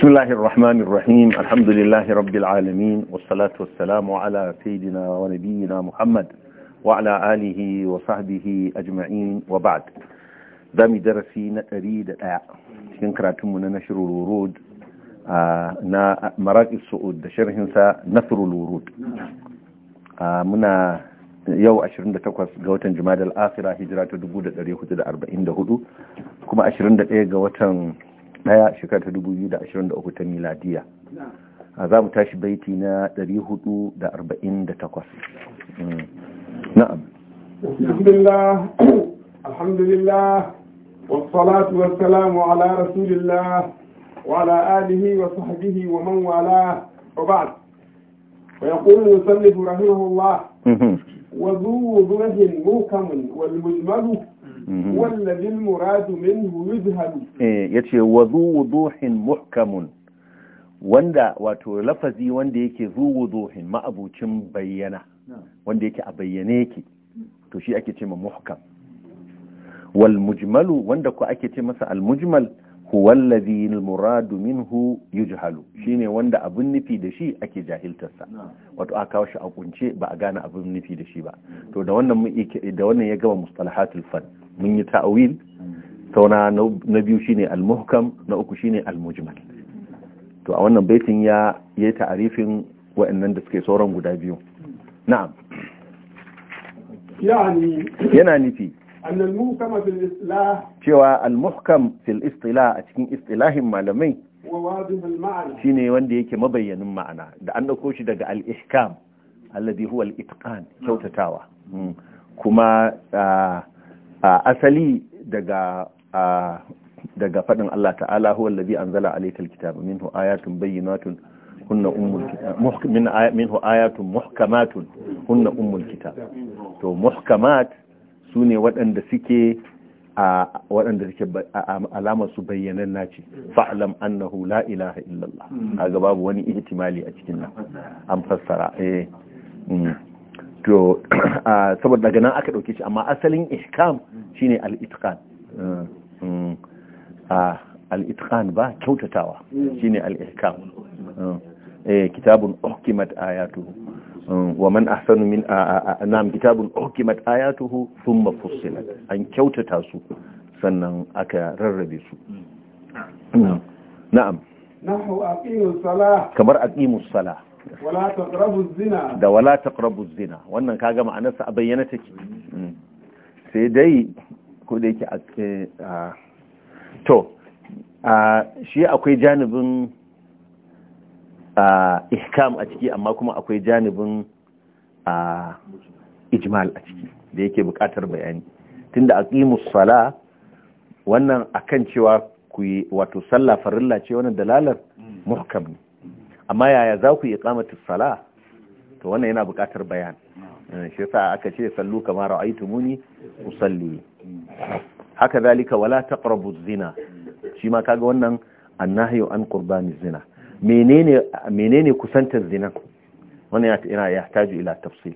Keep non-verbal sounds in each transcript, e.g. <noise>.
بسم الله الرحمن الرحيم الحمد لله رب العالمين والصلاة والسلام على سيدنا ونبينا محمد وعلى آله وصحبه أجمعين وبعد دامي درسي نريد cikin karatunmu na nashirul wurud na maraqis su'ud da sharhin sa nasrul wurud muna yau 28 ga watan jumadal akhirah hijira ta 1444 kuma 21 ga watan daya shekara ta uku ta miladiya a za mu tashi baiti na hudu da 448 mm. na'am bismillah alhamdulillah wassalatu wassalamu ala rasulillah wa ala alihi wa sahbihi wa man wala wa ba'd wa yaqulu musannif rahimahullah mm-hmm. wa dhu dhuhrin mukamun wal mujmalu Mhm. wallazin muradu minhu yuzhalu eh yace wazu wuduhin muhkamun wanda wato lafazi wanda yake zu wuduhin ma'abucin bayyana wanda yake a bayyane yake to shi ake ce ma muhkam wal mujmalu wanda ko ake ce masa al mujmal huwallazi muradu minhu yujhalu shine wanda abin nufi da shi ake jahiltarsa wato aka kawo shi a kunce ba a gane abin nufi da shi ba to da wannan da wannan ya gama mustalahatul fan mun yi ta'awil sauna na biyu shine al-muhkam na uku shine al-mujmal to a wannan baitin ya ya ta'arifin wa'annan da suke sauran guda biyu na'am yana nufi cewa almuhkam fil istila a cikin istilahin malamai shi ne wanda yake mabayyanin ma'ana da an dauko shi daga al-ihkam alladhi huwa al-itqan kyautatawa mm. kuma a asali daga daga fadin Allah ta'ala huwa alladhi anzala alaykal kitaba minhu ayatun bayyinatun hunna ummul kitab Min ayatun muhkamatun hunna ummul kitab to muhkamat su ne waɗanda suke waɗanda suke alamar su bayyanan na ce fa'alam annahu la ilaha illallah a gaba wani ihtimali a cikin nan an fassara eh. mm. to <clears throat> saboda daga nan aka ɗauke shi amma asalin ihkam shine al mm. mm. al’itkan ba kyautatawa shine al-ihkam eh kitabun uhkimat ayatu wa man ahsanu min nam kitabun uhkimat ayatuhu thumma fussilat an kyautata su sannan aka rarrabe su na'am nahu aqimus salah kamar aqimus salah wala taqrabu zina da wala taqrabu zina wannan kaga ma'anarsa a bayyana take mm. sai dai ko da yake eh, to shi akwai janibin ihkam a ciki amma kuma akwai janibin ijmal a ciki da yake buƙatar bayani tunda aqimus sala wannan akan cewa ku yi wato sallah farilla ce wannan dalalar muhkam ne amma yaya za ku yi sala to wannan yana buƙatar bayani eh, shi yasa aka ce sallu kama ra'aytumuni usalli haka zalika wala taqrabuz zina shi ma kaga wannan annahyu an qurbaniz zina menene kusantar zina Wani yana ya taju ila tafsil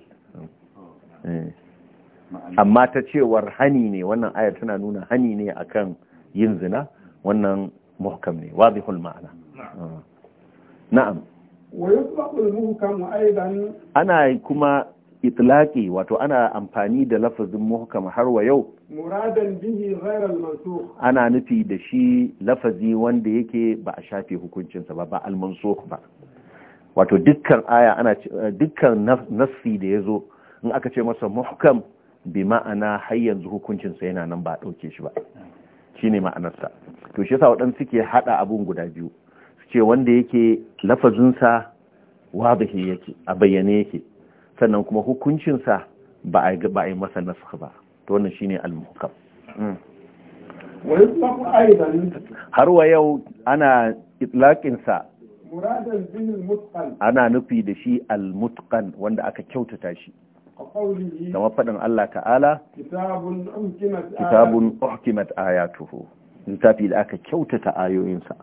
eh. amma ta cewar hani ne wannan ayar tana nuna hani ne akan yin zina wannan muhkam ne wadihul ma'ana na'am ah. ana kuma itlaki wato ana amfani da lafazin muhkam har wa yau muradan bihi ghairal mansukh ana nufi da shi lafazi wanda yake ba a shafe hukuncinsa ba ba al mansukh ba wato dukkan aya ana dukkan nassi da yazo in aka ce masa muhkam bi ma'ana har yanzu hukuncinsa yana nan ba a dauke shi ba shine sa to shi yasa waɗansu suke hada abun guda biyu su ce wanda yake lafazinsa wadahi yake a bayyane yake sannan kuma hukuncinsa ba a yi masa nasu ba to wannan shine al-muhkam hmm. har wa yau ana itlaƙinsa ana nufi da shi al-mutqan wanda aka kyautata shi kama faɗin Allah ta'ala kitabun uhkimat ayatuhu littafi da aka kyautata ayoyinsa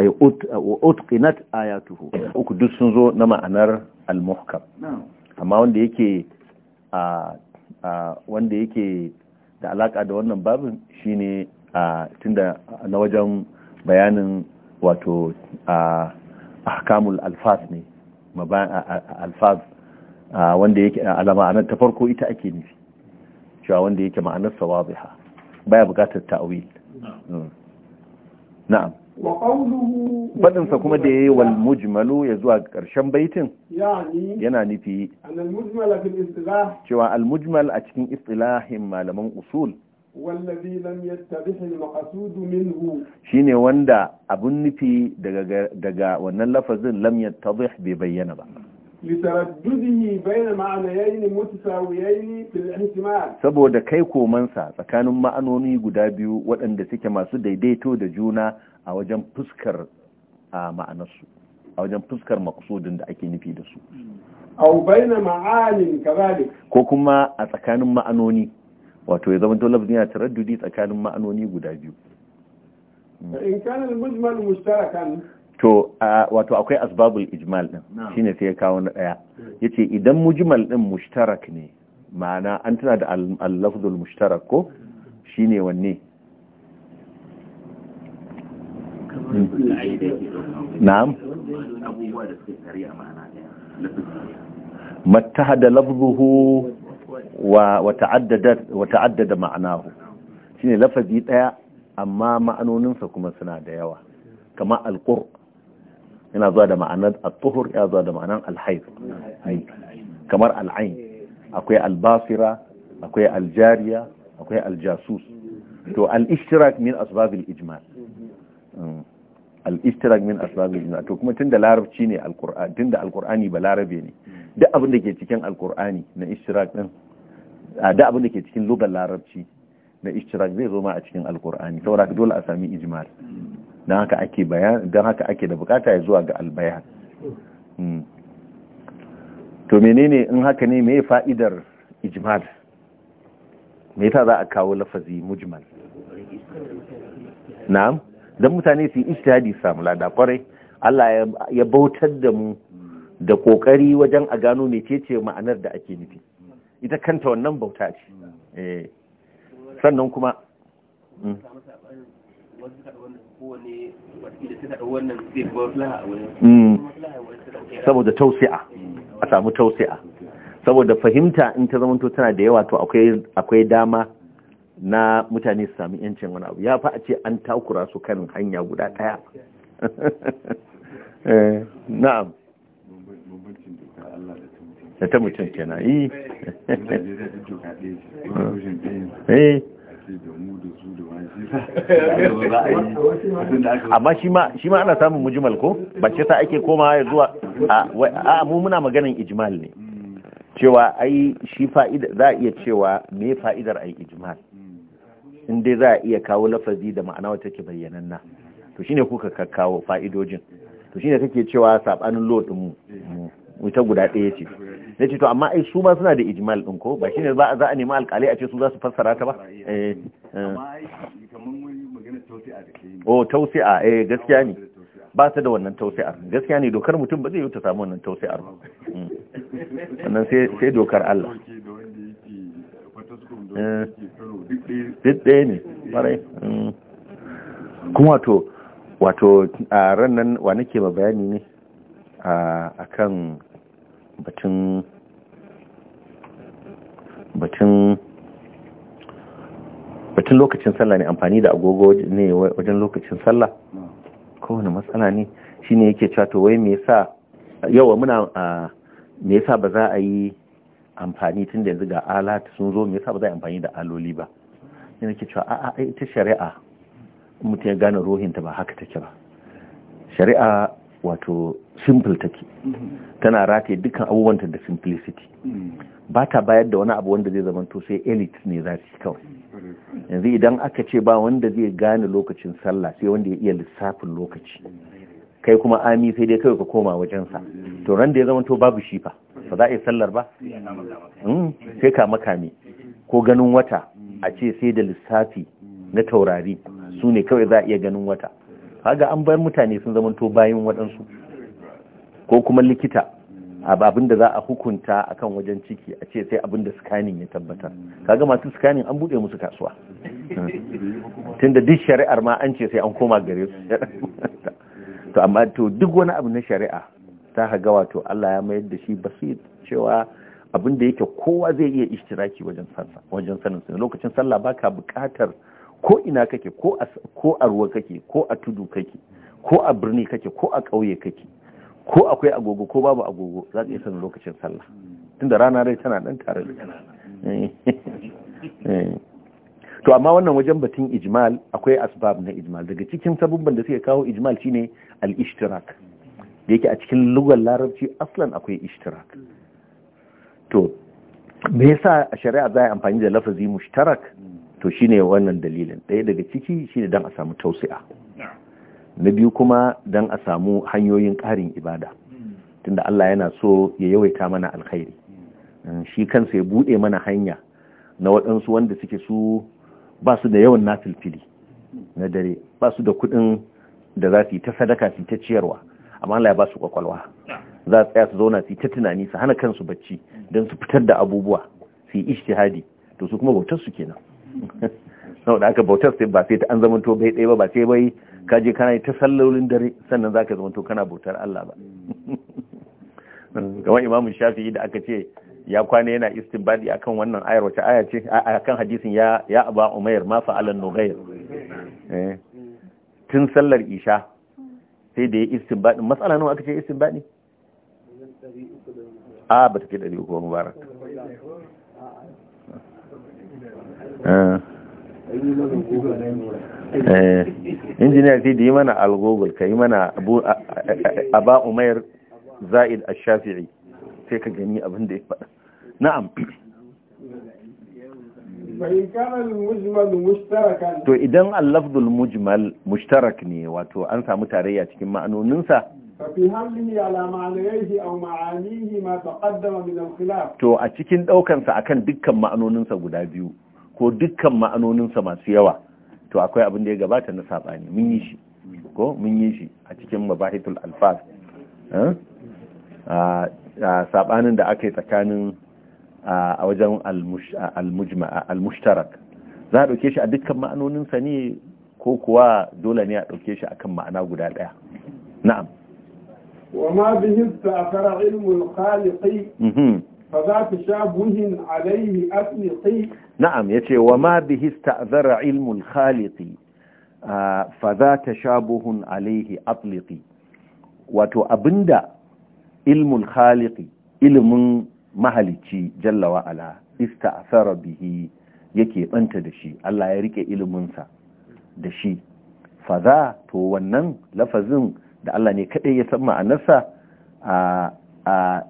ay utqinat ayatuhu uku duk sun zo na ma'anar al-muhkam amma wanda yake wanda yake da alaka da wannan babin shine a tunda na wajen bayanin wato a ahkamul alfaz ne alfaz wanda yake nan ta farko ita ake nufi cewa wanda yake ma'anar sawabiha baya bukatar ta'awil na'am mm. faɗinsa kuma da ya yi wal mujmalu ya zuwa ƙarshen baitin yana nufi cewa al mujmal a cikin istilahin malaman usul shi ne wanda abun nufi daga wannan lafazin lam yattabih bai bayyana ba لتردده بين معنيين متساويين في الاحتمال saboda kai komansa tsakanin ma'anoni guda biyu waɗanda suke masu daidaito da juna a wajen fuskar a ma'anarsu a wajen fuskar maqsudin da ake nufi da su aw baina ma'anin kadhalik ko kuma a tsakanin ma'anoni wato ya zama dole yana taraddudi tsakanin ma'anoni guda biyu in kana al-mujmal mushtarakan to wato akwai asbabul ijmal din shine sai ya kawo na daya yace idan mujmal din mushtarak ne ma'ana an tana da al-lafzul mushtarak ko shine wanne na'am mattahada lafzuhu wa wa ta'addada ma'anahu shine lafazi daya amma sa kuma suna da yawa kamar al-qur'an yana zuwa da ma'anar al tuhur yana zuwa da ma'anar al-hayd kamar al-ain akwai al-basira akwai al-jariya akwai al-jasus to al-ishtirak min asbab al-ijmal mm. al-ishtirak min asbab al-ijmal to kuma tunda larabci ne al-qur'an tunda al-qur'ani ba larabe ne duk abin da ke cikin al-qur'ani na ishtirak din da abin da ke cikin lugar larabci na ishtirak zai zo ma a cikin al-qur'ani saboda dole a sami ijmal don haka ake bayan don haka ake da bukata ya zuwa ga albayan hmm. to menene in haka ne mai fa'idar ijmal me yasa za a kawo lafazi mujmal na'am don mutane su yi su samu lada kwarai Allah ya bautar da mu da kokari wajen a gano ce ma'anar da ake nufi ita kanta wannan bauta ce eh. sannan kuma hmm. Hmm. saboda tausi'a a samu tausi'a saboda fahimta in ta zama tana da yawa to akwai dama na mutane su sami yancin wani abu ya fa a ce an takura su kan hanya guda ɗaya <laughs> eh, na'am ta mutum kenan eh. amma shi ma ana samun mujimal ko ba ce sa ake komawa ya zuwa a mu muna maganin ijimal ne cewa ai shi fa'ida za a iya cewa me fa'idar ai ijimal inda za a iya kawo lafazi da ma'ana wata ke na to shine kuka kawo fa'idojin to shine kake cewa sabanin lot mu wuta guda ɗaya ce na ce to amma ai su ma suna da ijmal ɗin ko ba shine za a nemi alƙalai a ce su za su fassara ta ba eh, eh. oh tausi'a eh gaskiya ne ba su da wannan tausi'ar gaskiya ne dokar mutum ba zai yi ta samu wannan tausi'ar ba mm. wannan sai dokar Allah eh. duk ɗaya ne ɓarai mm. kuma wato wato a ran nan wa nake ma bayani ne a kan batun batun batun lokacin sallah ne amfani da agogo ne wajen lokacin sallah kowane matsala ne shine yake cewa to wai me yasa yawa muna me yasa ba za a yi amfani tun da yanzu ga alat sun zo me yasa ba za a yi amfani da aloli ba ne nake cewa a'a ita shari'a mutum ya gane ruhinta ba haka take ba shari'a wato simple take mm-hmm. tana rataye dukkan abubuwanta da simplicity mm. ba ta bayar da wani abu wanda zai zamanto sai elite ne za su kawai mm. yanzu idan aka ce ba wanda zai gane lokacin sallah sai wanda ya iya lissafin lokaci kai kuma ami sai dai kawai ka koma wajensa mm. to ran da ya zama to babu shifa ba za a yi sallar ba sai ka makami ko ganin wata a ce sai da lissafi na taurari su ne kawai za a iya ganin wata haga an bar mutane sun zamanto bayan waɗansu ko kuma likita abin da za a hukunta akan wajen ciki a ce sai abin da scanning ya tabbatar kaga masu scanning an bude musu kasuwa <laughs> tunda duk shari'ar ma an ce sai an koma gare su <laughs> to amma to duk wani abu na shari'a ta haga wato Allah ya mayar da shi basit cewa abin da yake kowa zai iya ishtiraki wajen sansa wajen sanin sa lokacin sallah baka bukatar ko ina kake ko a ko a ruwa kake ko a tudu kake ko a birni kake ko a ƙauye kake ko akwai agogo ko babu agogo za ka iya sanin lokacin sallah tunda rana dai tana dan tare da eh. Eh. to amma wannan wajen batun ijmal akwai asbab na ijmal daga cikin sabubban da suke kawo ijmal shine al-ishtirak da yake a cikin lugar larabci aslan akwai ishtirak to me yasa a shari'a za a amfani da lafazi mushtarak to shine wannan dalilin ɗaya daga ciki shine dan a samu tausi'a na biyu kuma don a samu hanyoyin ƙarin ibada tunda Allah yana so ya yawaita mana alkhairi mm, shi kansa ya buɗe mana hanya na waɗansu wanda suke su ba su da yawan nafilfili na dare ba su da kuɗin da za su yi ta sadaka su ta ciyarwa amma Allah ya ba su kwakwalwa za su tsaya su zauna su yi ta tunani su hana kansu bacci don su fitar da abubuwa su yi ishtihadi to su kuma bautar su kenan <laughs> saboda aka bautar sai ba sai ta an zamanto bai ɗaya ba ba sai bai ka je kana ta sallolin dare sannan za ka zamanto kana bautar Allah ba kamar imamu shafi'i da aka ce ya kwana yana istinbadi akan wannan ayar wace aya ce akan hadisin ya ya aba umayar ma fa'alan nughair eh. tun sallar isha sai da ya istinbadi matsala nawa aka ce istinbadi a ba ta ke 300 mubarak eh Injiniya ti da yi mana algogol ka yi mana aba umair za'id a shafi'i sai ka gani abin da ya faɗa na'am to idan allafdul mujmal mushtarak ne wato an samu tarayya cikin ma'anoninsa to a cikin ɗaukansa akan dukkan ma'anoninsa guda biyu ko dukkan ma'anoninsa masu yawa to akwai abin da ya gabata na saɓani mun yi shi ko mun yi shi a cikin mabahitul alfas eh? a saɓanin da aka yi tsakanin a wajen almushtarak za a ɗauke shi a dukkan ma'anoninsa ne ko kuwa dole ne a ɗauke shi akan ma'ana guda ɗaya na'am wa ma bihin ta'akara ilmul fa za ta sha buhin alaihi asniqi na'am yace wa ma bihi ista'zara ilmul khaliqi fa za ta sha buhun alaihi atliqi wato abinda ilmul khaliqi ilimin mahalicci jalla wa ala ista'sara bihi yake banta da shi Allah ya rike iliminsa da shi fa za to wannan lafazin da Allah ne kaɗai ya san ma'anarsa a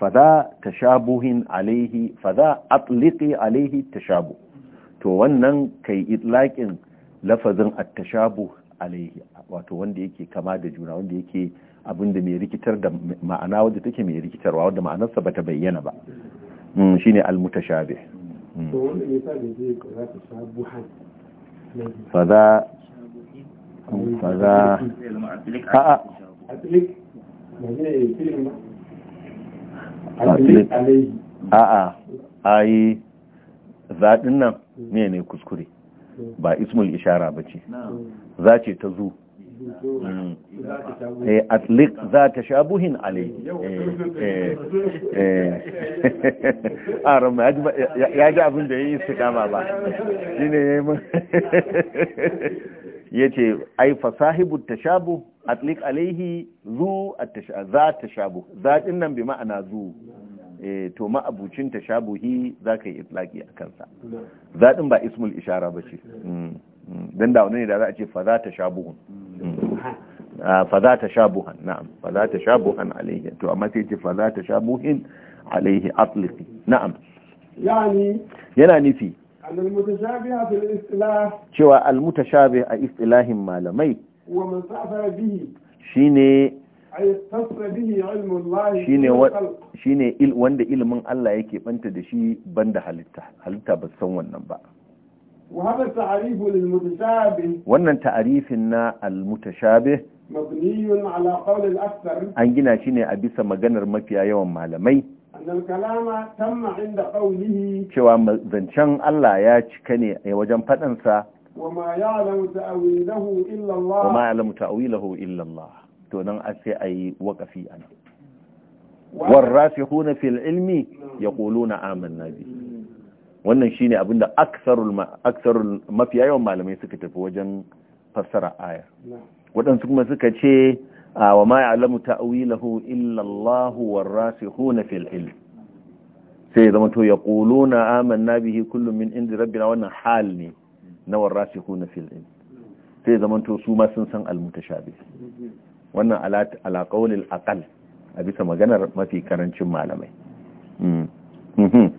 fada tashabuhin alaihi fada atliki alaihi tashabu to wannan kai itlaƙin lafazin attashabu alaihi wato wanda yake kama da juna wanda yake abinda mai rikitar da ma'ana wanda take mai rikitarwa wanda ma'anarsa bata bayyana ba shine almutashabih to wanda yasa da zai kira tashabuhan fada fada atlik a'a ayi zaɗin nan ne ne kuskure ba ismul ishara ba ce za ce ta zu mm. eh, eh, atlik za ta shabuhin alai a eh, <laughs> ah, rama ya ji abin da ya yi istikama ba shi ne ya <laughs> ce ai fasahibu ta shabu atlik alaihi zu za ta shabu za nan bi ma'ana zu eh, to ma'abucin ta shabuhi za ka yi itlaki a kansa za ɗin ba ismul ishara ba ce mm, mm. don da wani da za a ce fa za ta shabuhun mm. ah, fa za ta shabuhan na'am fa za ta shabuhan alaihi to amma sai ce fa za ta shabuhin alaihi atliki na'am yana nufi cewa almutashabih a istilahin malamai shine shi ne wanda ilimin Allah yake banta da shi banda halitta halitta ba san wannan ba wannan ta'arifin na al-mutashabih an gina shi ne a bisa maganar mafiya yawan malamai cewa zancen Allah ya cika ne a wajen faɗansa وما يعلم تأويله إلا الله وما يعلم تأويله إلا الله تونان أسي أي وقفي أنا والراسخون في العلم يقولون آمنا به wannan shine abinda da aksarul mafiya yawan malamai suka tafi wajen fassara aya waɗansu kuma suka ce wa ma ya'lamu ta'wilahu illa Allah rasikhuna fil ilm sai zama to yaquluna amanna bihi kullum min indi rabbina wannan hal ne na warasikhuna fil filin sai zamanto su ma sun san almutashabih wannan ala qawlil a bisa maganar mafi karancin malamai hmm. Hmm.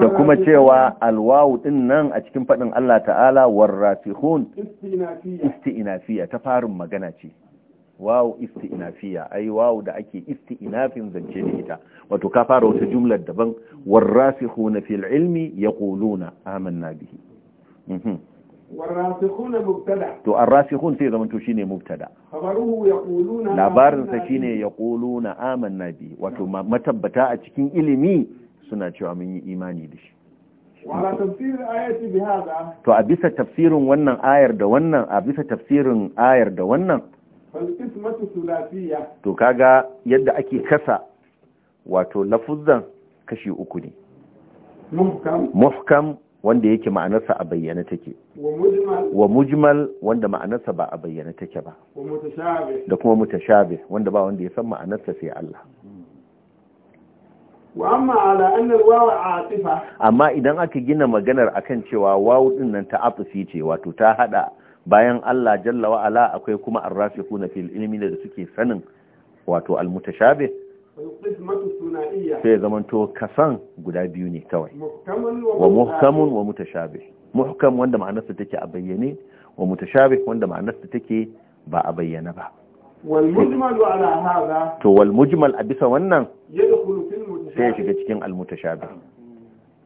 da kuma cewa alwawu din nan a cikin faɗin Allah ta'ala warrasihun isti'inafiya ta farin magana ce wawu isti'nafiya ay wawu da ake isti'nafin zance da ita wato ka fara wata jumlar daban warasikhuna fil ilmi yaquluna amanna bihi mhm warasikhuna mubtada to arrasikhun sai zaman to shine mubtada khabaruhu yaquluna labarin sa shine yaquluna amanna bihi wato matabbata a cikin ilimi suna cewa mun yi imani da shi to a bisa tafsirin wannan ayar da wannan a bisa tafsirin ayar da wannan to kaga yadda ake kasa wato lafuzzan kashi uku ne muhkam wanda yake ma'anarsa a bayyana take wa mujmal wanda ma'anarsa ba a bayyana take ba da kuma mutashabih wanda ba wanda ya san ma'anarsa sai Allah amma idan aka gina maganar akan cewa wawu din nan ta afusi ce wato ta hada bayan Allah jalla wa ala akwai kuma arrafiquna fil ilmi da suke sanin wato almutashabe. sai to kasan guda biyu ne kawai wa muhkamun wa mutashabe muhkam wanda ma'anarsa take a bayyane wa mutashabe wanda ma'anarsa take ba a bayyana ba والمجمل على هذا تو wannan يدخل في المتشابه sai shiga cikin almutashabih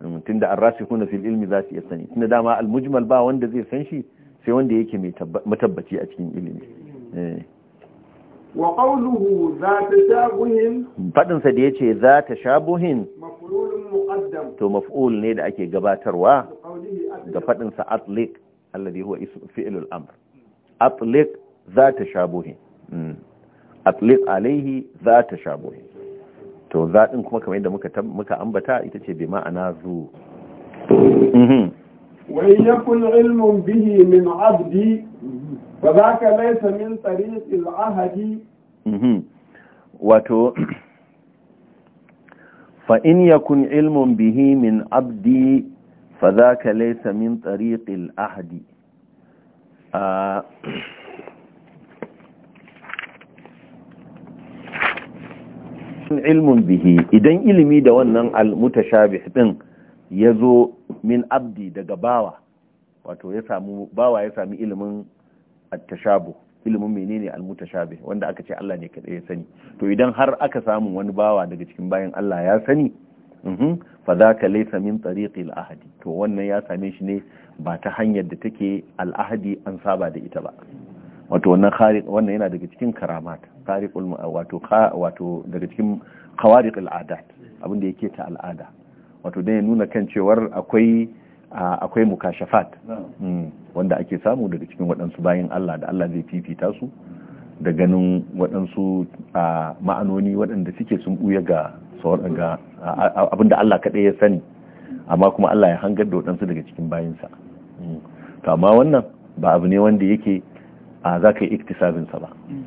mm, tunda arrasikuna fil ilmi zasu iya sani tunda dama almujmal ba wanda zai san shi sai wanda yake matabbaci a cikin ilimi eh. wa qawluhu za ta shabuhin fadin sa da ce za ta shabuhin to maf'ul ne da ake gabatarwa ga fadin Allah atliq alladhi huwa ism fi'l al-amr atlik za ta shabuhin hmm. atlik alaihi za ta shabuhin to za din kuma kamar yadda muka muka ambata ita ce bi ma'ana zu hmm. وإن يكن علم به من عبدي فذاك ليس من طريق العهد وتو فإن يكن علم به من عبدي فذاك ليس من طريق العهد علم به bihi idan ilimi da wannan al-mutashabih din ya zo min abdi daga bawa wato ya samu bawa ya sami ilimin attashabu ilimin menene almutashabi wanda aka ce Allah ne kadai ya sani to idan har aka samu wani bawa daga cikin bayan Allah ya sani mhm, fa zaka laysa min tariqi al'ahadi to wannan ya same shi ne ba ta hanyar da take al'ahadi an saba da ita ba wato wannan wannan yana daga cikin karamat khariqul wato wato daga cikin khawariq al abin da yake ta al'ada wato dai nuna kan cewar akwai akwai mukashafat hmm. wanda ake samu daga cikin waɗansu bayan Allah da Allah zai fifita su da ganin waɗansu ma'anoni waɗanda suke sun ɓuya ga abinda Allah kaɗai ya sani amma kuma Allah ya hangar da waɗansu daga cikin bayansa hmm. to amma wannan ba abu ne wanda yake a za ka yi iktisabinsa ba hmm.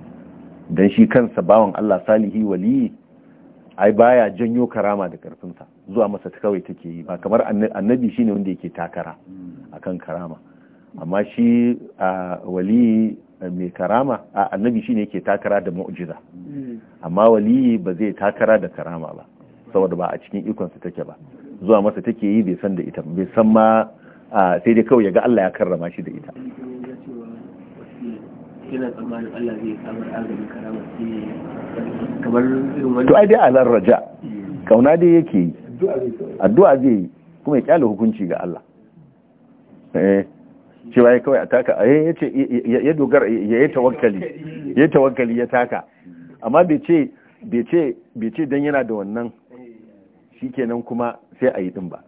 don shi kansa bawan Allah salihi waliyi ai baya janyo karama da karfinsa zuwa masa ta kawai take yi ba kamar annabi shine wanda yake takara akan karama amma shi a wali mai karama a annabi shine yake takara da mu'jiza amma wali ba zai takara da karama ba saboda ba a cikin ikonsa take ba zuwa masa take yi bai san da ita bai san ma sai dai kawai ya ga Allah ya karrama shi da ita yana tsammanin Allah zai samar agajin karama kamar irin wani to ai dai alar raja kauna dai yake yi addu'a zai yi kuma ya kyale hukunci ga Allah eh cewa ya kawai a taka eh yace ya dogar ya yi tawakkali ya yi tawakkali ya taka amma bai ce bai ce bai ce dan yana da wannan shikenan kuma sai a yi din ba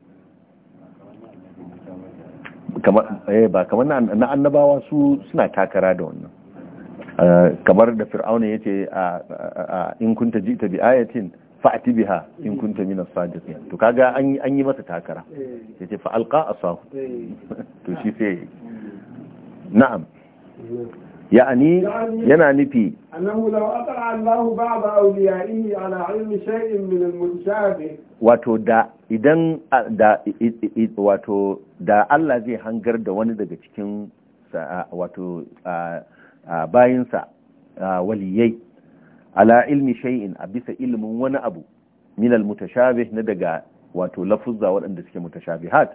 kamar eh ba kamar na annabawa su suna takara da wannan kamar da fir'auna ya ce a in kunta jita bi ayatin fa'ati biha in kunta min as-sadiqin to kaga an an yi masa takara ya ce fa alqa asahu to shi sai na'am ya'ani yana nufi annahu law atara Allahu ba'd awliya'ihi ala ilmi shay'in min al-mutashabih wato da idan da wato da Allah zai hangar da wani daga cikin wato bayinsa waliyai ala ilmi shay'in a bisa ilimin wani abu min al mutashabih na daga wato lafuzza waɗanda suke mutashabihat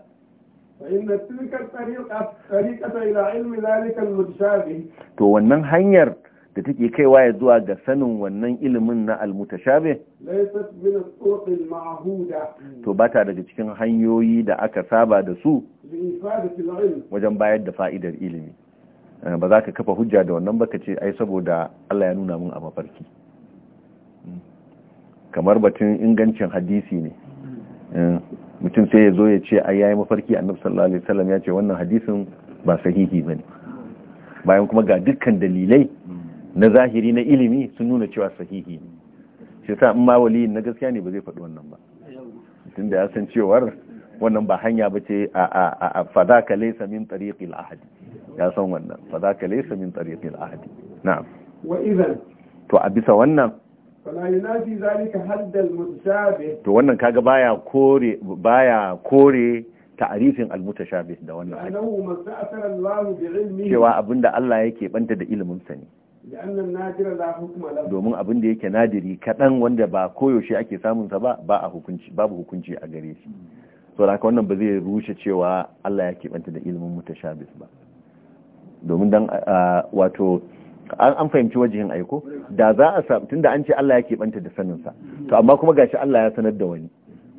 to wannan hanyar da take kaiwa ya zuwa ga sanin wannan ilimin na almutashabe to ba ta daga cikin hanyoyi da aka saba da su wajen bayar da fa'idar ilimi Eh, ba za ka kafa hujja da wannan ba ka ce ai saboda Allah ya nuna mun a mafarki hmm. kamar batun ingancin hadisi ne eh, mutum sai ya zo ya ce ai yayi mafarki annabi sallallahu alaihi wasallam ya ce wannan hadisin ba sahihi bane bayan kuma ga dukkan dalilai na zahiri na ilimi sun nuna cewa sahihi ne shi yasa in ma waliyin na gaskiya ne ba zai faɗi wannan ba tunda ya san cewar wannan ba hanya ba ce a ka laisa min tariqil ahadi ya san wannan ka laisa min tariqil ahadi na'am wa idan to a bisa wannan fala yunafi zalika hadd mutashabih to wannan kaga baya kore baya kore ta'arifin al da wannan annahu masta'sara Allah bi ilmihi cewa abinda Allah yake banta da ilimin sa ne domin abin da yake nadiri kaɗan wanda ba koyaushe ake samunsa ba ba a hukunci babu hukunci a gare shi so da wannan ba zai rushe cewa Allah ya keɓanta da ilimin mutashabis ba domin dan wato an fahimci wajihin aiko da za a samu tunda an ce Allah ya keɓanta da saninsa to amma kuma gashi Allah ya sanar da wani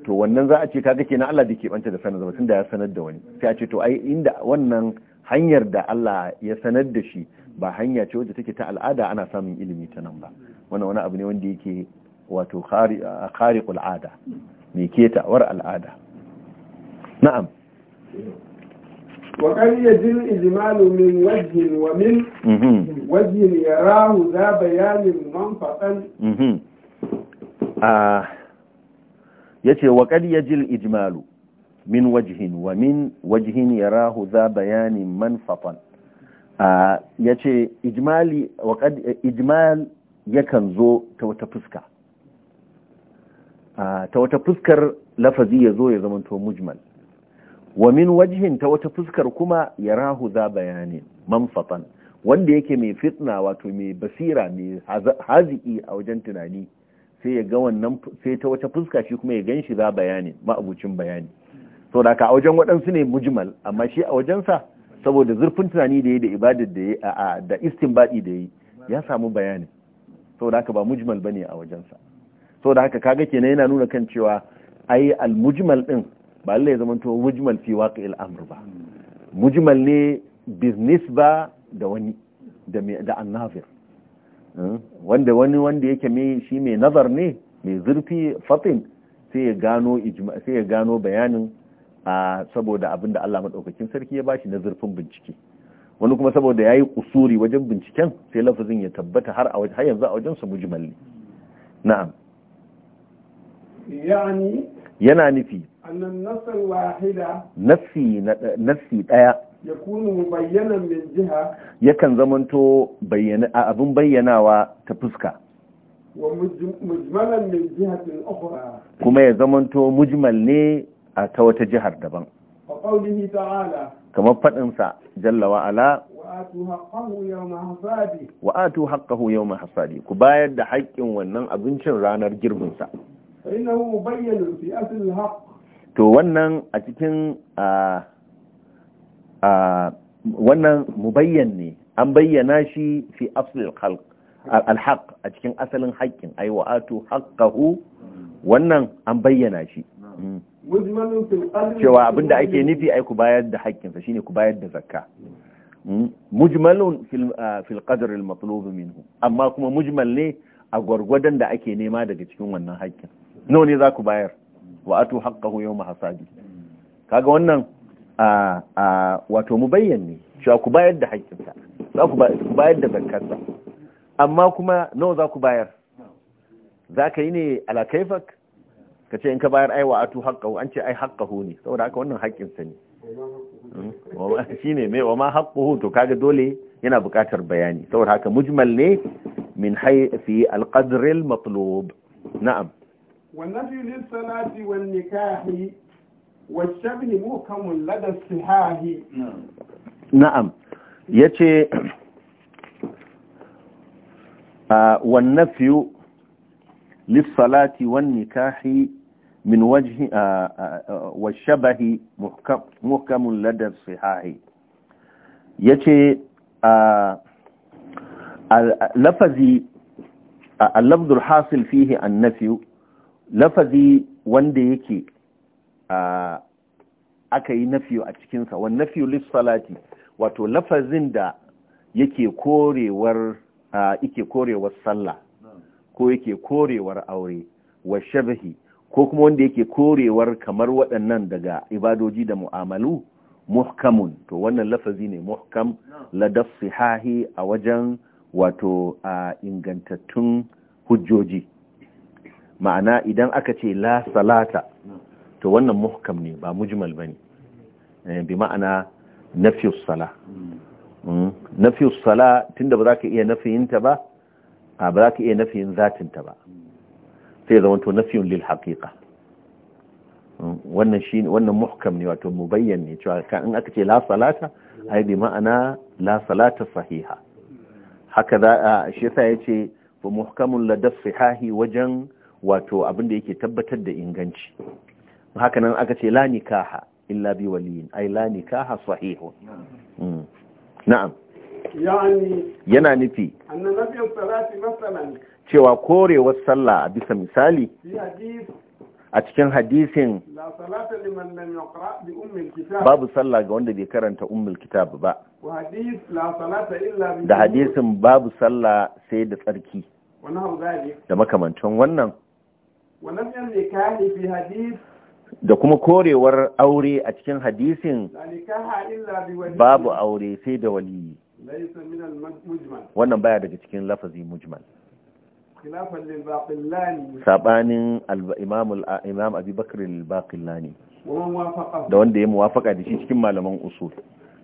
to wannan za a ce kaga kenan Allah da keɓanta da saninsa tun da ya sanar da wani sai a ce to ai inda wannan hanyar da Allah ya sanar da shi ba hanya ce wadda take ta al'ada ana samun ilimi ta nan ba wannan wani abu ne wanda yake wato khariqul ada me keta war al'ada na'am وقد يجري الإجمال من وجه ومن وجه يراه ذا بيان منفقا yace wa qad yajil ijmalu min wajihin wa min wajhin yarahu za bayanin manfatan yace ijmali wa qad ijmal yakan zo ta wata fuska ta wata fuskar lafazi ya zo ya zama to mujmal wa min wajhin ta wata fuskar kuma ya rahu za bayanin manfatan wanda yake mai fitna wato mai basira mai haziƙi a wajen tunani sai ya ga wannan sai ta wata fuska shi kuma ya gan shi za bayanin ma'abucin bayani to da ka a wajen waɗansu ne mujmal amma shi a wajensa saboda zurfin tunani da ya da ibadar da ya da istinbadi da ya ya samu bayani to da haka ba mujmal bane a wajensa to da haka kaga kenan yana nuna kan cewa ai al mujmal din ba lalle ya zamanto mujmal fi waqi'il amr ba mujmal ne business ba da wani da da annafir hmm? wanda wani wanda yake mai shi mai nazar ne mai zurfi fatin sai ya gano sai ya gano bayanin a saboda abinda Allah madaukakin sarki ya bashi na zurfin bincike wani kuma saboda yayi kusuri wajen binciken sai lafazin ya tabbata har a har yanzu a wajen su mujmal ne na'am yani yana nufi nassi ɗaya yakan zamanto abin bayyanawa ta fuska kuma ya zamanto mujmal ne a ta wata jihar daban kamar faɗinsa jalla wa'ala wa'atu haƙƙahu yau mahasadi ku bayar da haƙƙin wannan abincin ranar girbinsa to wannan a cikin a wannan mubayyan ne an bayyana shi fi asalin alhaq a cikin asalin haƙƙin ai haƙƙa haqqahu wannan an bayyana shi mm. cewa abinda ake nufi ai ku bayar da haƙƙinsa shine ku bayar da zakka mm. mujmalun fil qadr al matlub minhu amma kuma mujmal ne a gwargwadon da ake nema daga cikin wannan haƙƙin nawa ne za ku bayar wa atu haqqahu yawma hasadi kaga wannan a a wato mubayyan ne cewa ku bayar da haƙƙinsa za ku bayar da zakarsa amma kuma nawa za ku bayar za ka yi ne ala kaifak ka ce in ka bayar ai wa atu hu, an ce ai hu ne saboda haka wannan haƙƙinsa ne hmm? shi ne mai wa ma haƙƙuhu to kaga dole yana buƙatar bayani saboda haka mujmal ne min haifi alƙadril matlub na'am ونفي للصلاة والنكاح والشبه محكم لدى الصحاح نعم, نعم. يتي آه، والنفي للصلاة والنكاح من وجه آه، آه، والشبه محكم محكم لدى الصحاح يتي اللفظ اللفظ الحاصل فيه النفي lafazi wanda yake aka yi nafiyo a cikinsa wani nafiyo lissalati wato lafazin da yake korewar yake korewar sallah ko yake korewar aure wa shabahi ko kuma wanda yake korewar kamar waɗannan daga ibadoji da mu'amalu muhkamun to wannan lafazi ne muhkam ladaf sihahi a wajen wato ingantattun hujjoji ma'ana idan aka ce la salata to wannan muhkam ne ba mujmal ba ne eh, bi ma'ana nafiyus sala mm. nafiyus sala tunda ba za ka iya nafiyinta ba ba za ka iya nafiyin zatinta ba sai zama to nafiyun lil haqiqa mm. wannan shi wannan muhkam ne wato mubayyan ne cewa in aka ce la salata ai bi ma'ana la salata sahiha haka za a shi sa yace fa muhkamun ladaf sihahi wajen wato abin da yake tabbatar da inganci hakanan aka ce la nikaha illa bi waliyin ai la nikaha sahihun hmm. na'am yana nufi cewa korewar sallah a bisa misali a cikin hadisin babu sallah ga wanda bai karanta ummul kitab ba da hadisin babu sallah sai da tsarki da makamancin wannan da kuma korewar aure a cikin hadisin babu aure sai da wali wannan baya daga cikin lafazi mujmal sabanin imam abubakar al-baqillani da wanda ya muwafaka da shi cikin malaman usul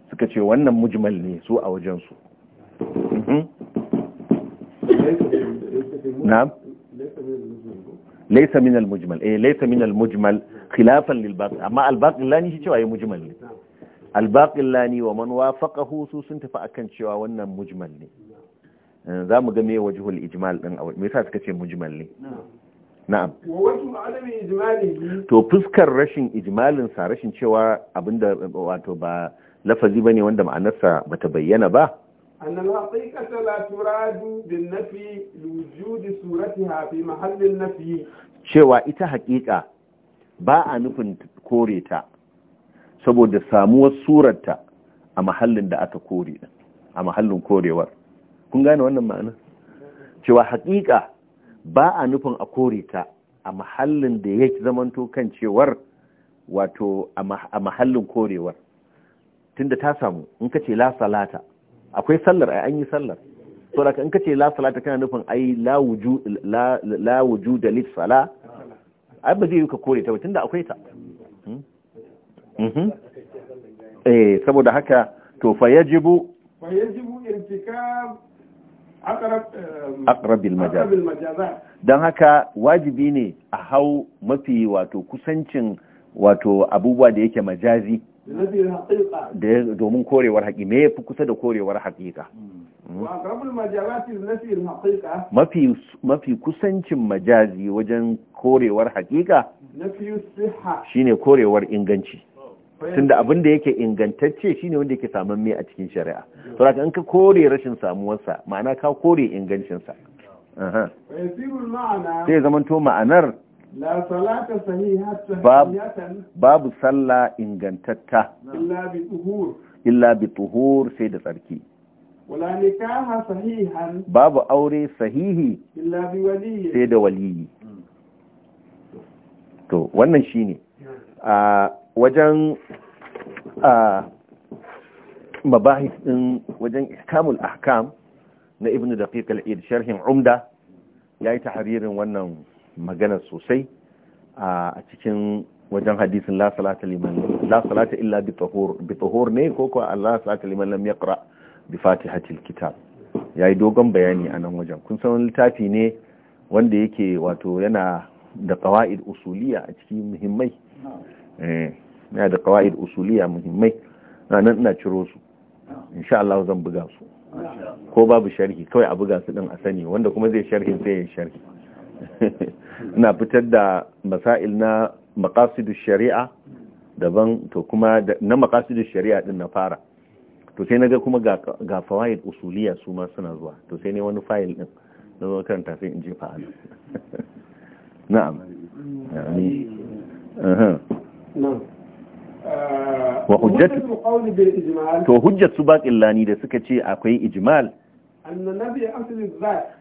suka ce wannan mujmal ne su a wajensu mhm. na'am laysa min al-mujmal eh laysa min al-mujmal khilafan lil baqi amma al Lani shi cewa ya mujmal ne al Lani wa man wafaqahu su sun tafi akan cewa wannan mujmal ne eh, za mu ga me wajhul ijmal din a me yasa suka ce mujmal ne na'am to fuskar rashin ijmalin sa rashin cewa abinda wato ba lafazi bane wanda ma'anarsa bata bayyana ba أن الحقيقة لا تراد بالنفي لوجود صورتها في محل النفي cewa ita haƙiƙa ba a nufin kore ta saboda samuwar surarta a mahallin da aka kun gane wannan ma'ana cewa haƙiƙa ba a nufin a kore ta a mahallin da ya zamanto kan cewar wato a mahallin korewar tunda ta samu in ka ce la salata akwai sallar ai an yi sallar to da in kace ce la salata kana nufin ai la wuju la wuju da sala ai ba zai yi kore ta tunda akwai ta hmm? mm-hmm. eh saboda haka to fa yajibu fa yajibu irtikab um, al majaz dan haka wajibi ne a hau mafi wato kusancin wato abubuwa da yake majazi domin korewar haƙi me fi kusa da korewar haƙiƙa hmm. Hmm. mafi kusancin majazi wajen korewar haƙiƙa shine korewar inganci oh. tun da abin da yake ingantacce shine wanda yake me a cikin shari'a saboda in ka kore rashin samuwarsa ma'ana ka kore ingancinsa oh. sai zamanto ma'anar babu sallah ingantatta illa bi tuhur sai da tsarki babu aure sahihi sai da waliyi to wannan shine a wajen a mabahis din wajen ihkamul ahkam na ibnu daqiq al-id sharhin umda yayi tahririn wannan magana sosai a cikin wajen hadisin la salata liman la salata illa bi tahur bi tahur ne ko ko Allah salata liman lam yaqra bi fatihatil kitab yayi dogon bayani a nan wajen kun san littafi ne wanda yake wato yana da qawaid usuliya a cikin muhimmai eh yana da qawaid usuliya muhimmai nan ina ciro su insha Allah zan buga su ko babu sharhi kawai a buga su din a sani wanda kuma zai sharhin sai ya sharhi <laughs> ina fitar da masail na makasidu shari'a daban to kuma na makasidu shari'a din na fara to sai naga kuma ga ga fawaid usuliya su ma suna zuwa to sai ne wani fayil din na zo karanta sai in jefa ana <laughs> na'am amin wa hujjatu to hujjatu baqillani da suka ce akwai ijmal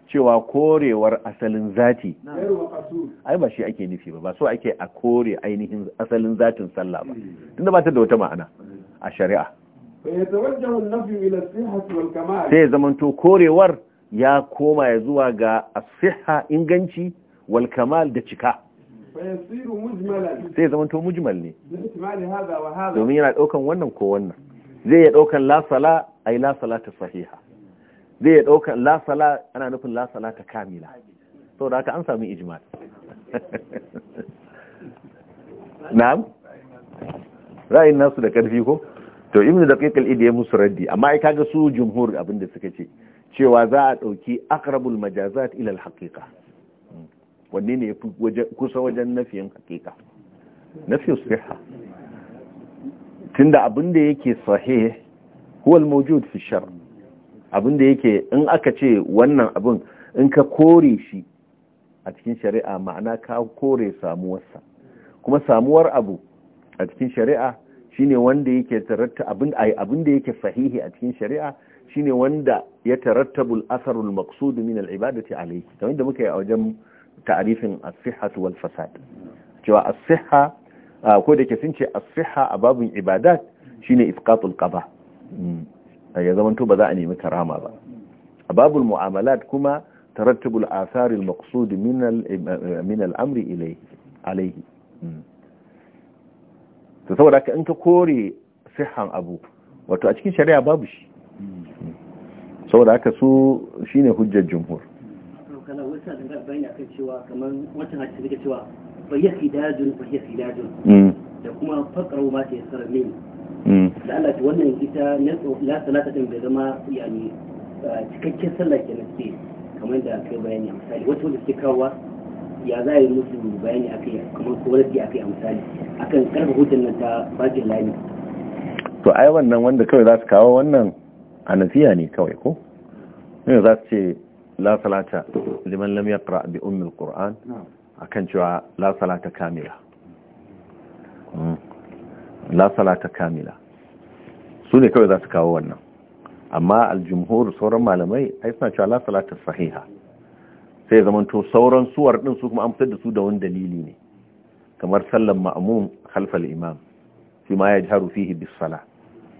cewa korewar asalin zati ai ba shi ake nufi ba ba so ake a kore ainihin asalin zatin sallah ba tunda ba ta da wata ma'ana a shari'a sai to korewar ya koma ya zuwa ga asiha inganci wal kamal da cika sai to mujmal ne domin yana daukan wannan ko wannan zai ya daukan la sala ay la salata sahiha zai ya ɗauka lasala ana nufin lasala ta kamila sau da aka an sami ijimal <laughs> na'am ra'ayin nasu da ƙarfi ko to ibn daqiq al-idi ya musu raddi amma ai kaga su jumhur abinda suka ce cewa za a ɗauki akrabul majazat ila al-haqiqa wanne ne kusa wajen nafiyin haqiqa nafiyu sihha tunda abinda yake sahih huwa al-mawjud fi shar' abin da yake in aka ce wannan abin in ka kore shi a cikin shari'a ma'ana ka kore samuwarsa kuma samuwar abu a cikin shari'a shine wanda yake taratta abin da yake sahihi a cikin shari'a shine wanda ya tarattabu al asarul al-maqsud min al-ibadati alayhi kamar da muka yi a wajen ta'rifin as-sihha wal fasad cewa as-sihha ko da ke sun ce as a babin ibadat shine iskatul qada hmm. ya zamanto ba za a nemi karama ba a babul mu'amalat kuma tarattubul asaril maqsud min amri ilai alaihi hmm. to saboda haka in ka kore sihan abu wato a cikin shari'a babu shi hmm. saboda haka su shine hujjar jumhur kana wata da bayani akan cewa kaman wata hadisi take cewa fa yasidajun fa yasidajun hmm. da kuma faqra ma ta yasara min Mm. lalace wannan ita la salata ɗin bai zama yani cikakken sallah kenan ce kamar da kai bayani a misali wata wanda suke kawowa ya za a yi musu bayani akai kamar ko wani akai a misali akan karfa hutun nan ta bajin lami to ai wannan wanda kawai za su kawo wannan a nasiya ne kawai ko ne za su ce la salata liman lam yaqra bi ummi alquran akan cewa la salata kamila mm. la salata kamila su ne kawai za su kawo wannan amma aljumhur sauran malamai ai suna cewa la salata sahiha sai zaman to sauran suwar din su kuma an fitar da su da wani dalili ne kamar sallan ma'mum khalfal imam fi ma yajharu fihi bis sala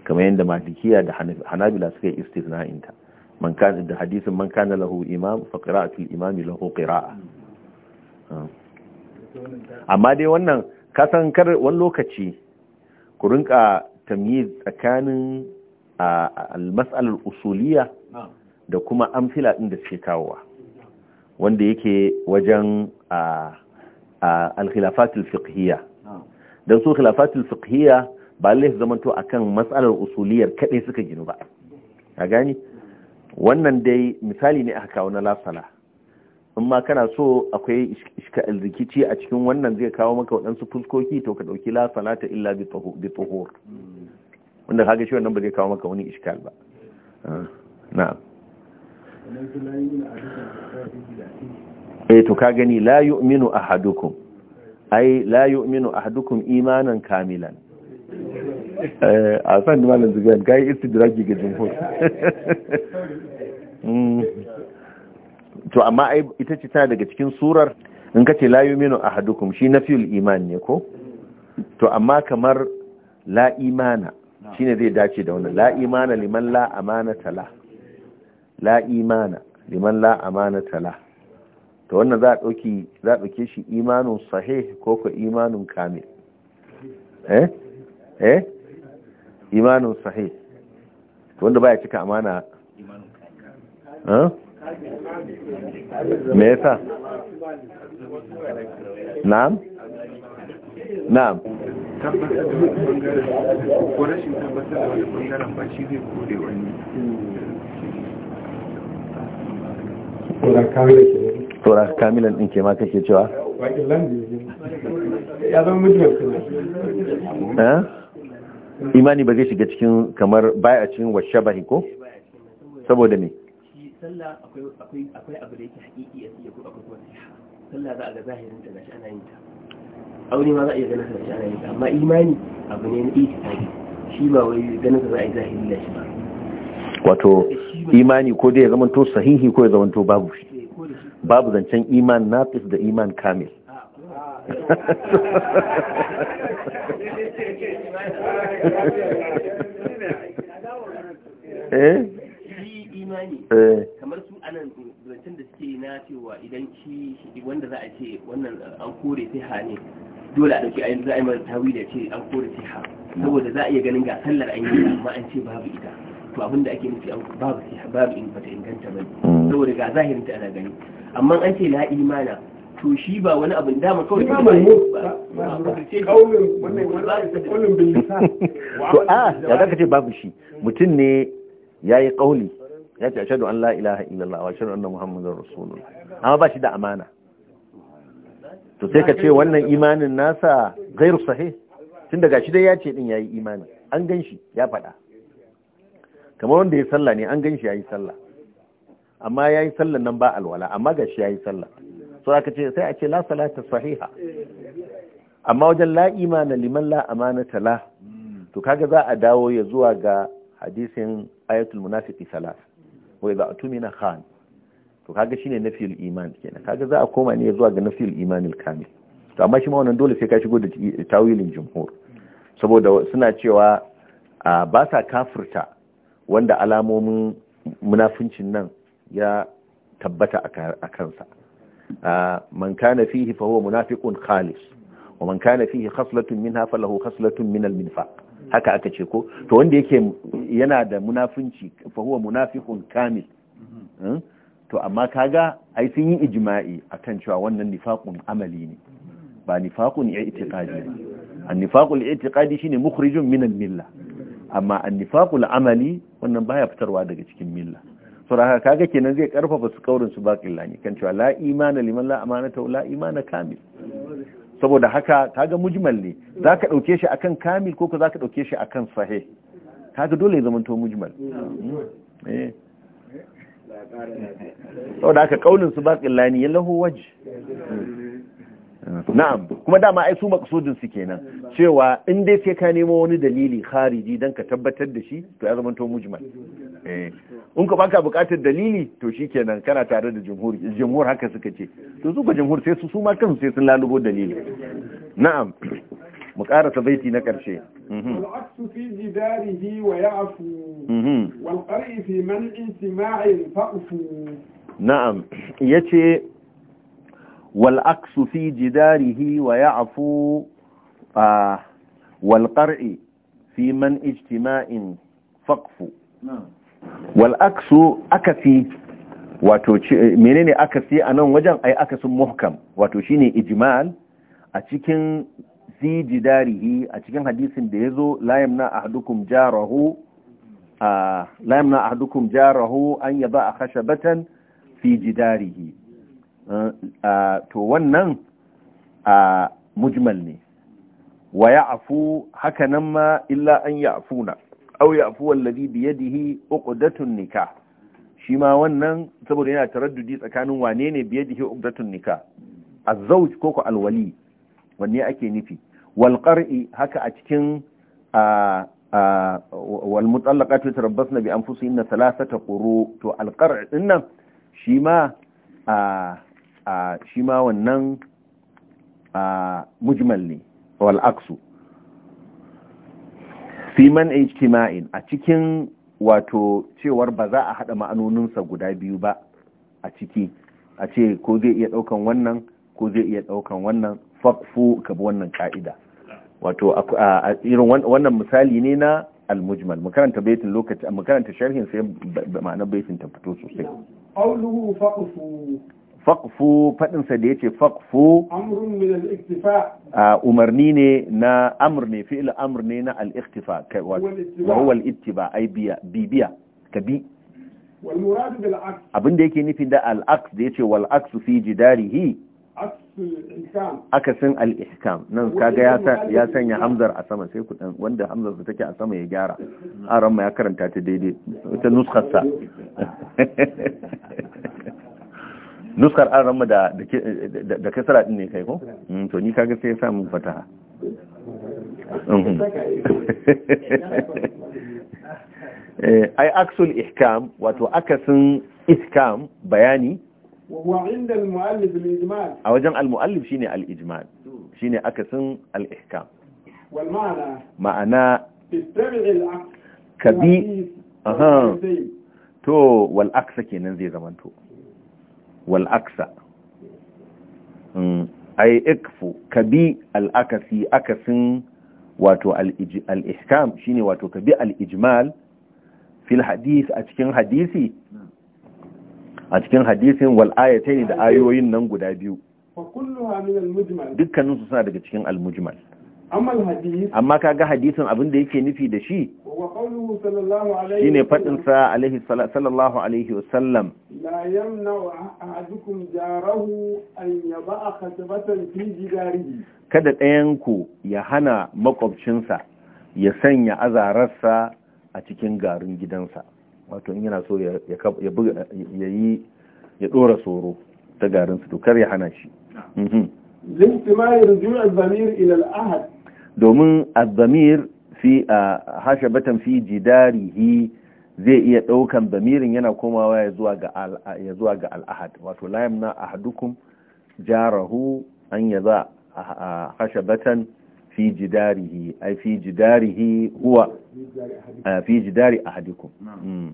kamar yadda malikiya da hanabila suka yi istithna'in ta man kana da hadisin man kana lahu imam fa al imam lahu qira'a amma dai wannan kasan kar wani lokaci ku rinka tamyiz tsakanin al-mas'alar usuliya da kuma amfila din da suke kawowa wanda yake wajen al-khilafatul fiqhiyya dan su khilafatul fiqhiyya ba lalle zamanto akan mas'alar usuliyar kadai suka gina ba ka gani wannan dai misali ne aka kawo na lasala in ma kana so akwai rikici a cikin wannan zai kawo maka waɗansu fuskoki to ka ɗauki la salata illa bi tsohor wanda kaga shi wannan ba zai kawo maka wani iskal ba ah, na eh to ka gani la yu'minu ahadukum ai la yu'minu ahadukum imanan kamilan eh, a san malam zubair kai istidraji ga jumhur <laughs> hmm. to amma ai ita ce tana daga cikin surar in kace la yu'minu ahadukum shi nafiyul iman ne ko to amma kamar la imana shine zai dace da wannan la imana liman la amanata la la imana liman la amanata la to wannan za a dauki za a dauke shi imanun sahih ko ko imanun kamil eh eh imanun sahih to wanda baya cika amana imanun kamil me yasa na'am na'am tabbatar da wani ko kamilan ɗin ke ma kake cewa eh? imani ba zai shiga cikin kamar baya cikin washe bahi ko saboda ne Salla akwai akwai abu da yake haƙiƙi a cikin ko akwai wata shiha sallah za a ga zahirin ta gashi ana yin ta aure ma za a iya ganin ta gashi ana yin ta amma imani abu ne na itikadi shi ba wai ganin ta za a yi zahiri da shi ba wato imani ko dai ya zama to sahihi ko ya zama to babu eh, shi babu zancen iman nafis da iman kamil ah, <laughs> eh Eh. kamar su anan zancen da suke na cewa idan shi wanda za a ce wannan an kore sai ha ne dole a ɗauki ayin za a yi mara tawi da ce an kore sai ha saboda za a iya ganin ga sallar an yi amma an ce babu ita to abinda ake nufi babu sai babu in bata inganta ba hmm. saboda ga zahirin ta ana gani amma an ce na imana to shi ba wani abin dama kawai ba ba ba ba a ba ba ce ba ah, shi mutum ne ya yi ba ya ce ashadu an la ilaha illallah wa ashadu anna muhammadin rasulun amma ba shi da amana to sai ka ce wannan imanin nasa gairu sahi tun daga shi dai ya ce din yayi imani an gan shi ya faɗa kamar wanda ya sallah ne an gan shi yayi salla amma yayi sallah nan ba alwala amma ga shi yayi sallah so aka ce sai a ce la salata sahiha amma wajen la imana liman la amanata to kaga za a dawo ya zuwa ga hadisin ayatul munafiqi salas wai za a na khan to kaga shine nafil iman kenan kaga za a koma ne zuwa ga nafiyul imanin kamil to amma shi ma wannan dole sai ka shigo da tawilin jumhur saboda suna cewa ba sa kafirta wanda alamomin munafincin nan ya tabbata a kansa man kana fihi fa huwa munafiqun khalis wa man kana fihi khaslatun minha falahu khaslatun min haka aka ce ko to wanda yake yana da munafinci fa huwa munafiqun kamil hmm? to amma kaga ai sun yi ijma'i akan cewa wannan nifaqun amali ne ba nifaqun i'tiqadi ba an-nifaqul i'tiqadi shine mukhrijun min al-milla amma an-nifaqul amali wannan baya fitarwa daga cikin milla saboda kaga kenan zai karfafa su kaurin su baqillani kan cewa la imana liman la amanata la imana kamil saboda haka ta ga mujmal ne za ka ɗauke shi akan kamil ko za ka ɗauke shi akan sahe ga dole ya to mujmal eh. saboda haka ƙaunin su ba ƙillani ya lahowaj na'am kuma dama ai su maqsudin su kenan cewa in dai sai ka nemo wani dalili khariji dan ka tabbatar da shi to ya zama to mujmal eh in ka baka bukatar dalili to shikenan kana tare da jumhur jumhur haka suka ce to su ga jumhur sai su su ma kansu sai sun lalubo dalili na'am mu karasa baiti na karshe والعكس في جداره ويعفو والقرئ في منع سماع فأفو نعم يتي والأقص في جداره ويعفو آه والقرع في من اجتماع فقف والأقص أكفي wato menene akasi a nan wajen ai akasin muhkam wato shine ijmal a cikin fi jidarihi a cikin hadisin da yazo la yamna ahadukum jarahu ah, la yamna ahadukum jarahu an yada khashabatan fi jidarihi Eh, to wannan a mujmal ne wa ya'fu haka nan ma illa an ya'funa aw ya'fu alladhi bi yadihi uqdatun nikah shi ma wannan saboda yana taraddudi tsakanin wane ne bi yadihi uqdatun nikah az-zawj ko ko al-wali wanne ake nufi wal qar'i haka a cikin wal mutallaqatu tarabbasna bi anfusihinna thalathata quru to al qari dinnan shi ma a shi ma wannan a mujmal ne wal aksu fi man ijtima'in a cikin wato cewar ba za a haɗa ma'anoninsa guda biyu ba a ciki a ce ko zai iya ɗaukan wannan ko zai iya ɗaukan wannan fakfu ka bi wannan ka'ida wato a irin wannan misali ne na almujmal makaranta baitin lokaci makaranta sharhin sai ma'anar baitin ta fito sosai qawluhu faqfu faqfu faɗinsa da ya ce amrun min umarni ne na amur ne fi'il amr ne na al-iktifa kai wa huwa al-ittiba ay bibiya kabi wal murad abinda yake nufin da al-aks da yace wal aksu fi jidarihi akasin al-ihkam nan kaga ya sanya hamzar a sama sai ku wanda hamzar ta take a sama ya gyara aran ma ya karanta ta daidai ta nuskharsa <laughs> nuskar an ramu da da kasara din ne kai ko mm, to ni kaga sai ya samu fata mm-hmm. <laughs> eh, ai aksul ihkam wato akasin ihkam bayani a wajen al-mu'allif shine al-ijmal shine akasin al-ihkam ma'ana ka bi to wal aksa kenan zai zamanto Wal'aksa, aksa mm. ay ikfu kabi al akasi akasin wato al ihkam shine wato kabi al ijmal fil hadith a cikin hadisi a cikin hadisin wal da ayoyin nan guda biyu dukkaninsu suna daga cikin al mujmal amma kaga hadisin abin da yake nufi da shi shi ne sa alaihi sallallahu alaihi wasallam kada ɗayan ku ya hana makwabcinsa ya sanya azararsa a cikin garin gidansa wato yana so ya yi ya soro ta garin su to kar ya hana shi mhm. limtimai rujul al-zamir ila ahad domin azzamir fi a hashabatan fi jidarihi zai iya daukan damirin yana komawa ya zuwa ga al'ahad. Wato ga al-ahad wato la yamna ahadukum jarahu an yaza hashabatan fi jidarihi ay fi jidarihi huwa fi jidari ahadikum mm.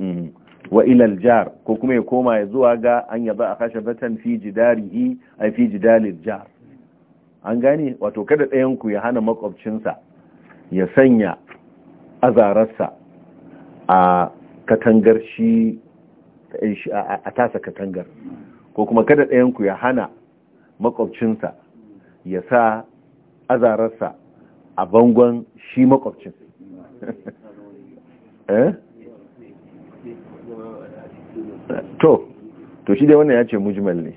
Mm. wa ilal jar ko kuma ya koma ya zuwa ga an yaba a kashe batan fi jidarihi a fi jidalil jar an gane wato kada ɗayanku ya hana makwabcinsa ya sanya azararsa a katangar shi a tasa katangar ko kuma kada ɗayanku ya hana makwabcinsa ya sa azararsa a bangon shi makwabcin <laughs> eh? to to shi dai wannan ya ce mujimalli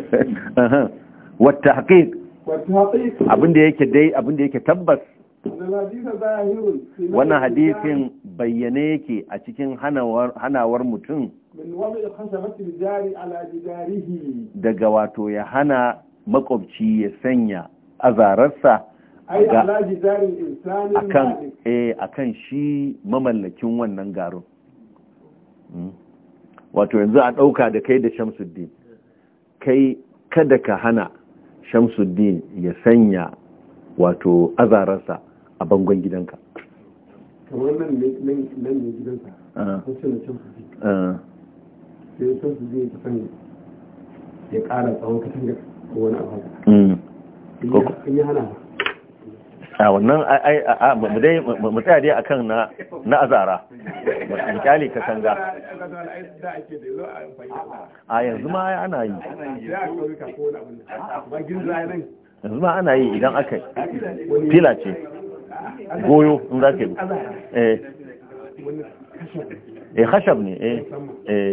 <laughs> wata haƙiƙ abinda yake dai abinda yake tabbas wannan hadisin bayyane yake a cikin hanawar mutum daga wato ya hana makwabci ya sanya azararsa a kan shi mamallakin wannan garin wato yanzu a ɗauka da kai da shamsuddin kai kada ka hana shamsuddin ya sanya wato azararsa a bangon gidanka kamar nan ne gidansa ah. ah. ya ƙara tsawon katangar ko wani abu mm. hana a wannan mu tsaya dai akan na na azara misali ka kanga a yanzu ma ana yi yanzu ma ana yi idan aka fila ce goyo in za ka yi eh, eh hashab ne eh eh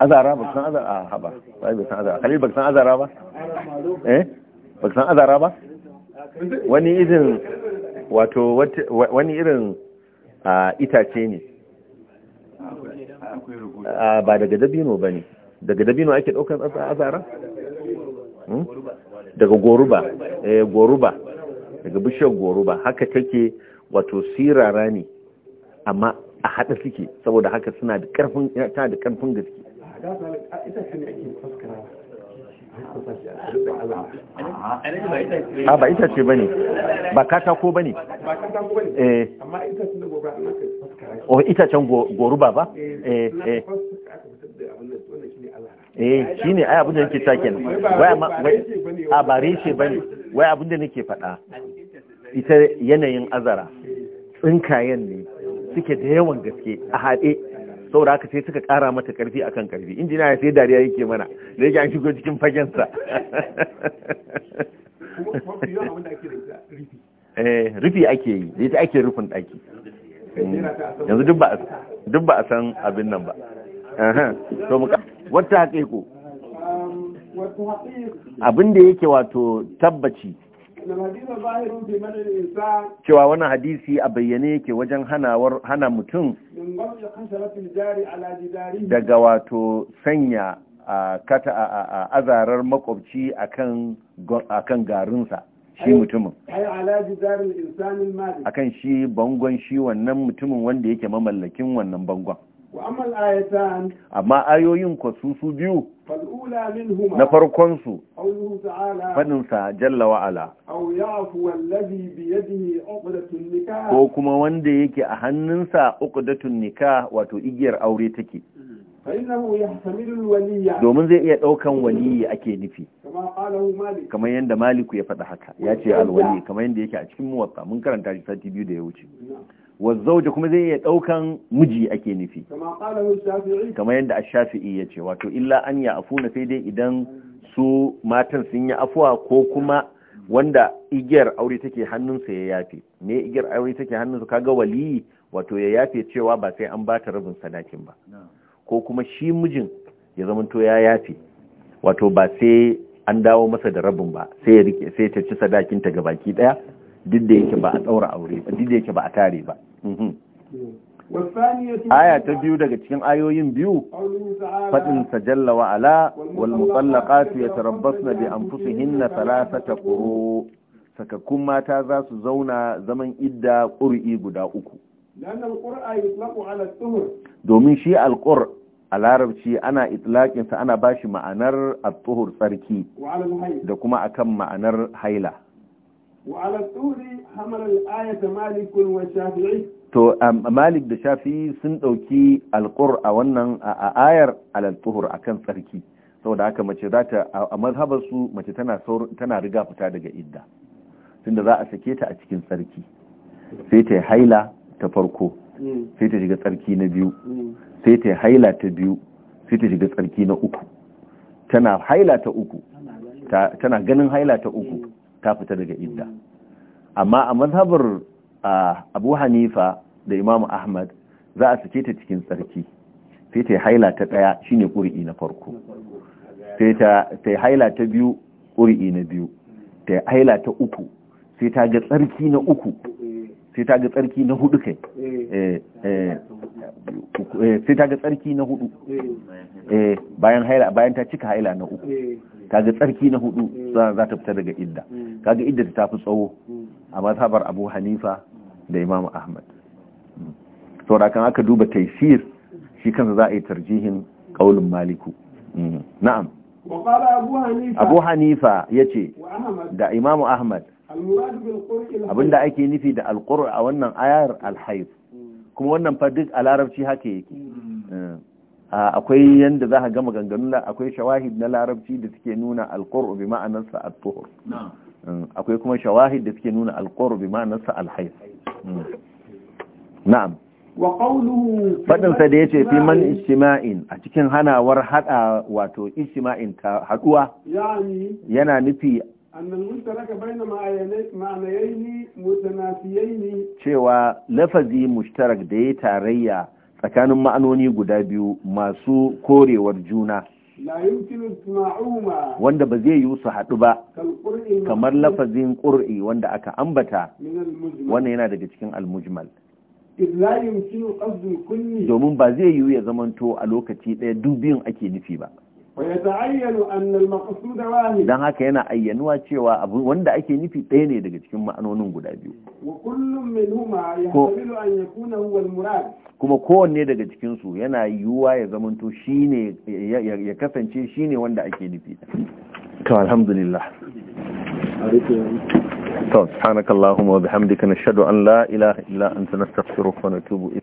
azara ba san azara ba san azara khalil ba san azara ba eh ba san azara ba wani irin wato wani irin itace ne ba daga dabino ba ne daga dabino ake ɗaukar azara hmm? daga goruba eh goruba daga bishiyar goruba haka take wato sirara ne amma a haɗa suke saboda haka suna da ƙarfin gaske a ba ita ce bane ba katako bane ba bane eh amma ita ce gobe oh ita can goruba ba eh eh eh shine eh, ai ai da nake ta kenan wai amma a ba reshe bane wai da nake faɗa ita yanayin azara eh. tsinkayen ne suke da yawan gaske a haɗe saboda haka sai suka kara mata karfi akan karfi injina ya sai dariya yake mana da yake an shigo cikin fagen sa eh rufi ake yi da ita ake rufin daki yanzu duk ba duk ba a san abin nan ba to mu wata haƙiƙo um, abin da yake wato tabbaci cewa wannan hadisi a bayyane yake wajen hana mutum daga wato sanya kata a azarar makwabci akan garinsa shi mutumin akan shi bangon shi wannan mutumin wanda yake mamallakin wannan bangon amma ayoyin kwasu su biyu na farkonsu faɗinsa jalla wa'ala ko kuma wanda yake a hannunsa uqdatun nika wato igiyar aure take domin zai iya ɗaukan waliyi ake nufi kamar yadda maliku ya faɗa haka ya ce alwali kamar yadda yake a cikin muwatta mun karanta shi sati biyu da ya wuce wazzauja kuma zai iya daukan miji ake nufi kamar yadda ash-shafi'i yace wato illa an ya afuna sai dai idan su matan sun yi afuwa ko kuma wanda igiyar aure take hannunsa ya yafe me igiyar aure take hannunsa kaga waliyi wato ya yafe cewa ba sai an bata rabin sadakin ba ko kuma shi mijin ya zamanto ya yafe wato ba sai an dawo masa da rabin ba sai ya rike sai ta ci sadakin ta gabaki daya duk da yake ba a tsaura aure ba duk da yake ba a tare ba Mhm. aya ta biyu daga cikin ayoyin biyu faɗin sa jalla wa ala wal mutallaqatu yatarabbasna bi anfusihinna thalathata quru sakakkun mata za su zauna zaman idda qur'i guda uku domin shi alqur a larabci ana itlaƙinsa ana ba shi ma'anar at-tuhur tsarki da kuma akan ma'anar haila وعلى الثوري حمل الآية مالك والشافعي to um, malik da shafi sun ɗauki alƙur a wannan a ayar alaltuhur a kan tsarki saboda haka mace za ta a mazhabarsu mace tana riga fita daga idda tunda za a sake ta a cikin tsarki sai ta haila ta farko mm. sai ta shiga tsarki na biyu mm. sai ta haila ta biyu sai ta shiga tsarki na uku tana haila ta uku tana ganin haila ta uku mm. ta fita daga inda amma a mazhabar abu hanifa da imamu ahmad za a sake ta cikin tsarki sai ta haila ta ɗaya shine ƙuri'i na farko sai ta haila ta biyu ƙuri'i na biyu ta haila ta uku sai ta ga tsarki na uku sai ta ga tsarki na hudu kai eh. Eh, eh. sai ta ga tsarki na hudu bayan haila bayan ta cika haila na uku ta ga tsarki na hudu za ta fita daga idda hmm. kaga idda ta fi tsawo hmm. a mazhabar Abu Hanifa da Imam Ahmad saboda hmm. aka duba taysir shi kansa za a yi tarjihin kaulin Maliku na'am Abu Hanifa ya ce da Imam Ahmad abinda ake nufi da alƙur a wannan ayar alhaif hmm. kuma wannan fa duk a larabci haka yake hmm. eh, akwai yadda za ka gama ganganun akwai shawahid na larabci da suke nuna alƙur bi ma'anarsa a hmm, akwai kuma shawahid da suke nuna alƙur bi ma'anarsa alhaif na'am faɗinsa da ya ce fi man ishima'in a cikin hanawar haɗa wato ishima'in ta haɗuwa yana nufi أن cewa lafazi mushtarak da ya tarayya tsakanin ma'anoni guda biyu masu korewar juna wanda ba zai yi su haɗu ba kamar lafazin ƙur'i wanda aka ambata wannan yana daga cikin almujmal domin ba zai yiwu ya zamanto a lokaci ɗaya biyun ake nufi ba dan haka yana ayyanuwa cewa abu wanda ake nufi ɗaya ne daga cikin ma'anonin guda biyu kuma kowanne daga cikinsu yana yiwuwa ya zamanto ne ya kasance shi ne wanda ake nufi to alhamdulillah to subhanakallahumma wa bihamdika nashhadu an la ilaha illa anta nastaghfiruka wa natubu